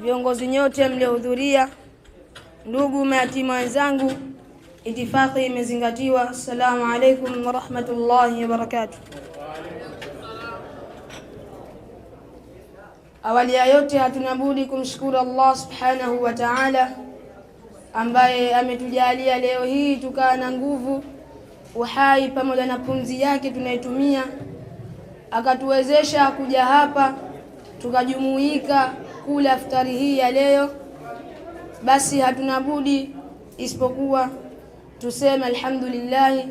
Viongozi nyote mliohudhuria, ndugu mayatima wenzangu, itifaki imezingatiwa. Assalamu alaikum warahmatullahi wabarakatuh. Awali ya yote, hatuna budi kumshukuru Allah subhanahu wa ta'ala ambaye ametujalia leo hii tukaa na nguvu uhai pamoja na pumzi yake tunaitumia, akatuwezesha kuja hapa tukajumuika kula iftari hii ya leo, basi hatuna budi isipokuwa tuseme alhamdulillahi,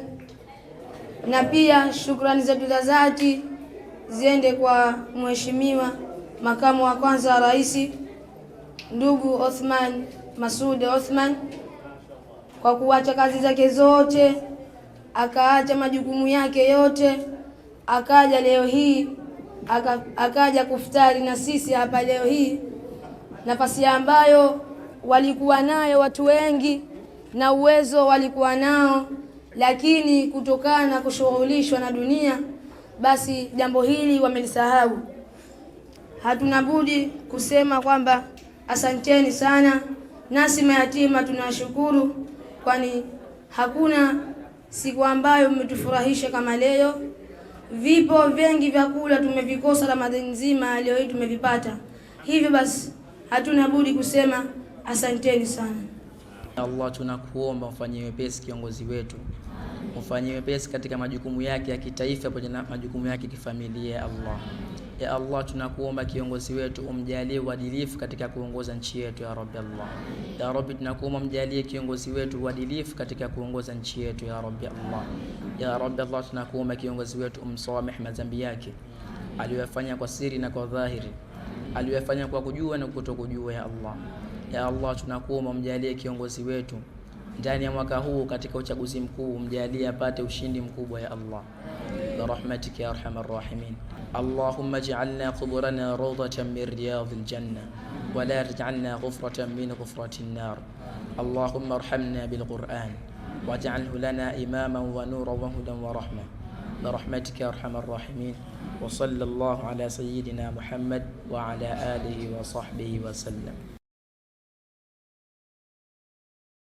na pia shukrani zetu za dhati ziende kwa mheshimiwa makamu wa kwanza wa rais ndugu Othman Masud Othman kwa kuacha kazi zake zote, akaacha majukumu yake yote, akaja leo hii akaja kufutari na sisi hapa leo hii nafasi ambayo walikuwa nayo watu wengi na uwezo walikuwa nao, lakini kutokana na kushughulishwa na dunia, basi jambo hili wamelisahau. Hatuna budi kusema kwamba asanteni sana, nasi mayatima tunashukuru, kwani hakuna siku ambayo mmetufurahisha kama leo. Vipo vingi vya kula tumevikosa Ramadhani nzima, leo hii tumevipata. Hivyo basi hatuna budi kusema asanteni sana. Allah, tunakuomba mfanyie wepesi kiongozi wetu, mfanyie wepesi katika majukumu yake ya kitaifa pamoja na majukumu yake kifamilia. Ya Allah, ya Allah, tunakuomba kiongozi wetu umjalie uadilifu katika kuongoza nchi yetu ya Rabbi. Allah, ya Rabbi, tunakuomba mjalie kiongozi wetu uadilifu katika kuongoza nchi yetu ya Rabbi. Allah, ya Rabbi, Allah, tunakuomba kiongozi wetu umsamehe madhambi yake aliyoyafanya kwa siri na kwa dhahiri aliyoyafanya kwa kujua na kutokujua. Ya Allah, ya Allah, tunakuomba mjalie kiongozi wetu ndani ya mwaka huu katika uchaguzi mkuu, mjalie apate ushindi mkubwa. Ya Allah, rahmatika ya arhamar rahimin. Allahumma ij'alna quburana rawdatan min riyadil janna wa la taj'alna ghufratan min ghufratin nar. Allahumma arhamna bil Qur'an waj'alhu lana imaman wa nuran wa hudan wa rahma برحمتك يا أرحم الراحمين وصلى الله على سيدنا محمد وعلى آله وصحبه وسلم